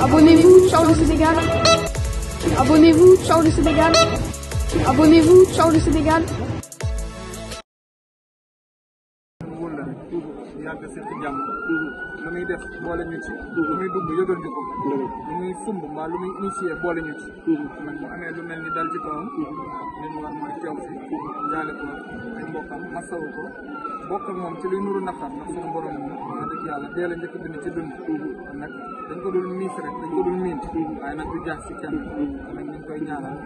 Abonnez-vous, Charles le Sénégal. Abonnez-vous, Charles le Sénégal. Abonnez-vous, Charles le Sénégal. bokk moom ci luy nuru naqar ndax suñu borom wax dëgg yàlla dee la njëkk bind ci dund kon nag dañ ko dul miis rek dañ ko dul miin waaye nag du jaax si kenn kon nag ñu ngi koy ñaanal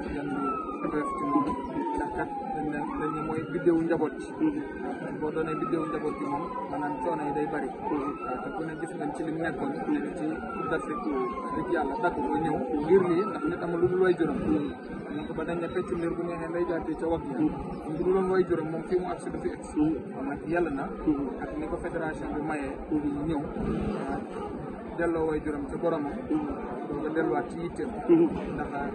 ko def ci moom ndax kat dañ ne mooy biddéewu njaboot ci boo doonee biddéewu njaboot ci moom maanaam coono yi day bari te ku ne gis nañ ci li mu nekkoon nekk ci dëgg yàlla dakk ko ñëw ngir lii ndax nit amul lu dul way juróom donc ba dañ ne fecc liir bu neexee day jaatee ca wag yi bu dul woon way juróom moom fii mu agsi du fi agsi kon nag yàlla na ak ni ko fédération bi mayee ñëw delloo way juróom ci boromam. doo ko delluwaat ci yitteem. Mm-hmm. ndax uh,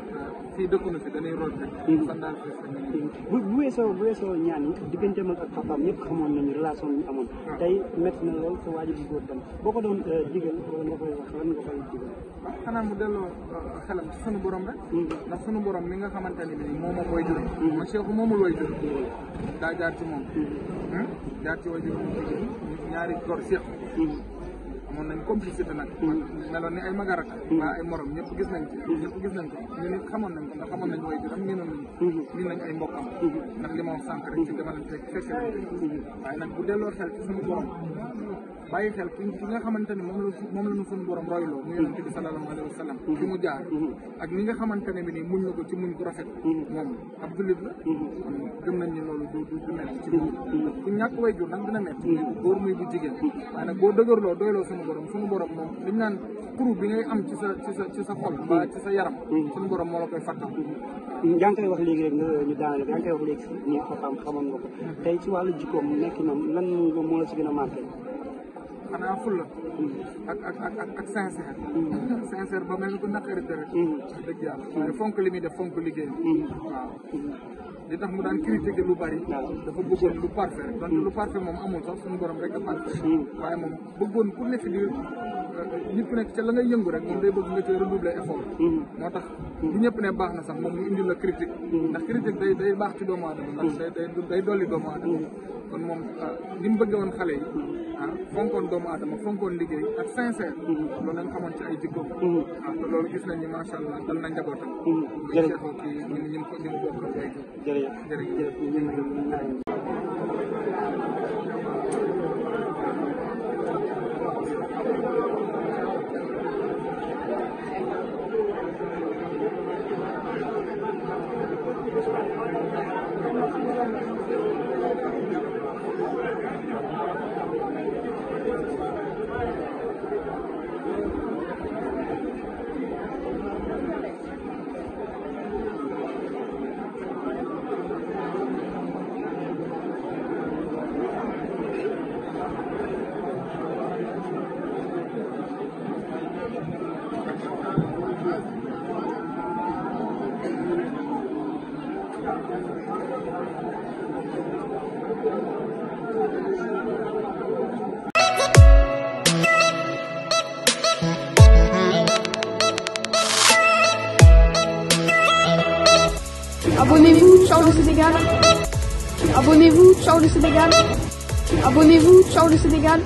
fii fi dañuy root rek. Mm-hmm. fan daal mm-hmm. bu bu weesoo bu weesoo ñaan yi digganteem ak papaam ñëpp xamoon nañu relation yi amoon. Ah. tey métti na lool sa waajur bu góor dem boo ko doon uh, digal nga koy wax lan nga koy digal. waaw ah, xanaa mu delloo uh, xelam ci sunu borom rek. ndax sunu borom mi nga xamante ne bii moom mooy juróom. ma Cheikh moomul way juróom. daa jaar ci moom. Hmm? jaar ci way juróom ñaari góor Cheikh. amoon nañ complicité nag mm. meloon ni ay magarak mm. waa ay morom ñëpp gis nañ ci ñëpp gis nañ ko ñu nit xamoon nañ ko ndax xamoon nañ way juram miinoon nañ mm-hmm. miin nañ ay mbokkam mm-hmm. ndax li ma wax sànq mm-hmm. ne moom la moom la ñu suñu mu yonente bi sallallahu alayhi wa sallam ci mu jaar ni ko ci muñ bu rafet moom ab jullit la gëm nañ ni loolu du du metti ci ku ñàkk way jur nag dina metti góor muy bu jigéen waaye nag boo dëgërloo doyloo suñu borom suñu borom moom li ñu naan xuru bi ngay am ci sa ci sa ci sa xol mbaa mm. ci sa yaram mm. suñu borom moo la koy fàttal mm. yaa ngi koy wax léegi rek nga ñu daanale yaa ngi wax léegi ni ko xam xamoon nga ko mm-hmm. tey ci wàllu jikkoom nekk noonu lan moo la si gën a marqué xanaa fulla ak ak ak ak sincère sincère ba mel ni ku naqari dara mm. dëgg yàlla waaye mm. fonk li muy def fonk liggéey mm. waaw de tax mu daan critiquer lu bari dafa bëggoon lu parfait donc lu parfait moom amul sax suñu borom rek a parfait waaye moom bëggoon ku nekk di nit ku nekk ca la ngay yëngu rek moom day bëgg nga cee redoubler effort mm-hmm. moo tax bu ñëpp ne baax na sax moom mu indi la critique mm-hmm. ndax critique day baax ci doomu aadama ndax mm-hmm. day dolli doomu aadama kon moom li ah, mu bëgg woon xale yi ah fonkoon doomu aadama fonkoon liggéey ak sincère loolu lañ xamoon ci ay jikko ah te loolu gis nañu macha allah dal na njabootam jërëjëf ñi ñi ko ñi mu bokk Abonnez-vous, Charles le Sénégal. Abonnez-vous, Charles le Sénégal. Abonnez-vous, Charles le Sénégal.